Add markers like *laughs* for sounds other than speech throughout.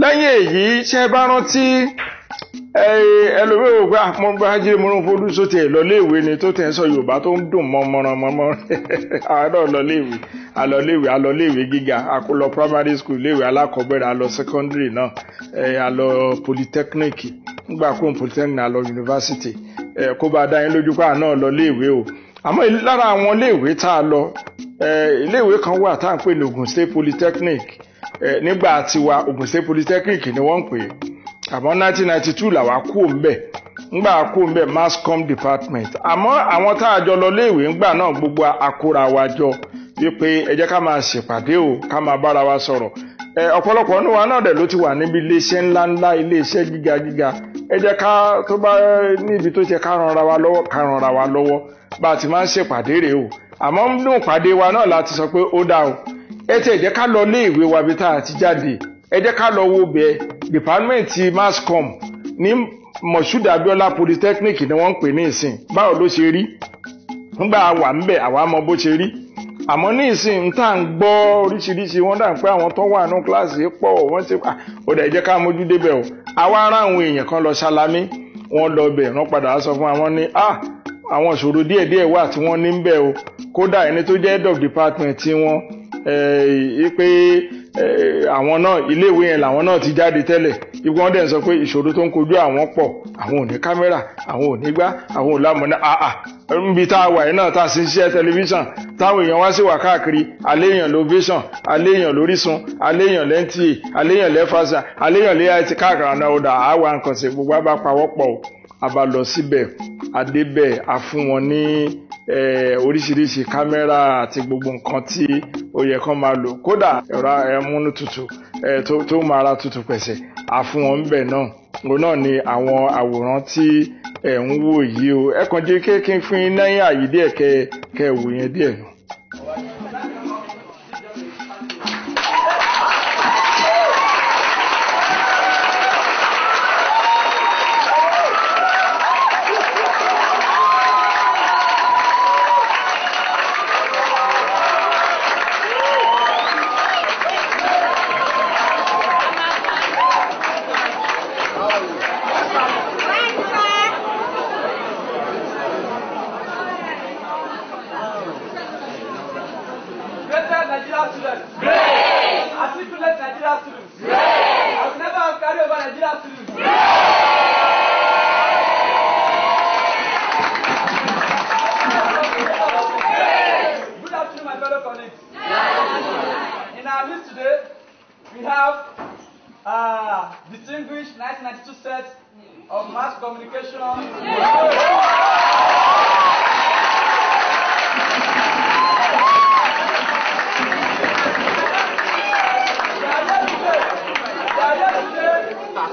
lẹ́yìn èyí ṣe bá rántí ẹlòmíì wò pé ah, mo gba jíire mo rún fọdún sóti ẹ̀ lọ́léèwé ni tó tẹ̀ ń sọ yorùbá tó ń dùn mọ́mọ́rán mọ́mọ́ *laughs* àárọ̀ lọ́léèwé alọ́léèwé alọ́léèwé gíga àkọlọ primary school léèwé alákọ̀ọ́bẹ̀rẹ̀ alọ́ secondary náà alọ́ polytechnic nígbà kó polytechnic alọ́ university kó bá dá yín lójú pé àná lọ́léèwé o àmọ́ lára àwọn iléèwé tá a lọ iléèwé kan wà tá à ń pè ní Ogun State Polytechnic nígbà tiwa Ogun State Polytechnic ni wọ́n ń pè é àmọ́ 1992 làwa kú òǹbẹ̀ ngbà kú òǹbẹ̀ mass com department àmọ́ àwọn tá a jọ lọ léèwé ngbà náà gbogbo àkóra wa jọ wípé ẹ jẹ́ ká máa ṣèpàdé o ká máa bára wa sọ̀rọ̀ ọ̀pọ̀lọpọ̀ nínú wa náà dẹ̀ ló ti wà níbi iléeṣẹ́ ńláńlá iléeṣẹ́ gíga gíga ẹ jẹ́ ká tó bá níbi tó ṣe ká wa lọ́wọ́ ká wa lọ́wọ́ bá a ti máa ń ṣèpàdé rèé o àmọ́ nínú ìpàdé wa náà la sọ pé ó dá o ẹ tẹ̀ jẹ́ ká lọ lé ìwé wa bí tá a ti jáde ẹ jẹ́ ká lọ wo bẹ́ẹ̀ department mass com ní Moshood Abiola polytechnic ni wọ́n ń pè ní ìsìn báwo ló ṣe rí nígbà wà ń bẹ̀ àwa mọ bó ṣe rí àmọ́ ní ìsìn ń tà ń gbọ́ oríṣiríṣi wọ́n dà pé àwọn tó wà ní kíláàsì pọ̀ wọ́n ti pa ọ̀dà ẹ ká mójú débẹ̀ o àwa ará àwọn èèyàn kan lọ ṣalamí wọ́n lọ bẹ̀ wọ́n padà sọ fún àwọn ní ah àwọn ìṣòro díẹ̀díẹ̀ wà tí wọ́n ní ń bẹ̀ o kódà ẹni tó jẹ́ head of department tí wọ́n Eh, pé eh, àwọn náà iléèwé yẹn làwọn náà ti jáde tẹ́lẹ̀ ibi wọn dẹ̀ ń sọ pé ìṣòro tó ń kojú àwọn pọ̀ àwọn ò ní kámẹ́rà àwọn ò ní gbá àwọn ò lámọ̀ná àà níbi tá a wà yìí náà tá a sì ń ṣiṣẹ́ tẹlifíṣàn táwọn èèyàn wá sí wà káàkiri àléèyàn lovision àléèyàn lórísun àléèyàn lẹ́ńtì àléèyàn lẹ́fàṣà àléèyàn lẹ́yà ti káàkiri àná ọ̀dà àwa nǹkan ṣe gbogbo àbá pawọ́pọ̀ àbá oríṣiríṣi kámẹ́rà àti gbogbo nǹkan tí ó yẹ kán máa lò kódà ẹ̀rọ ẹ̀múnú tutù tó máa ra tutù pẹ̀sẹ̀ àfihàn ńbẹ̀ náà òun náà ni àwọn àwòrán tí ẹ̀ ń wò yìí o ẹ kàn jẹ́ kí yín náírà díẹ̀ kẹ́ ẹ wò yẹn díẹ̀ nù. Nigerian I speak to let Nigerian I never have carried over Nigerian students. Grace! In our midst today, we have uh, distinguished 1992 set of mass communication. Yeah.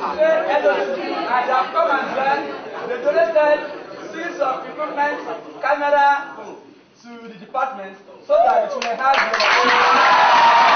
Elohim and have come and joined. the donated series of equipment, camera to the department so that it may have.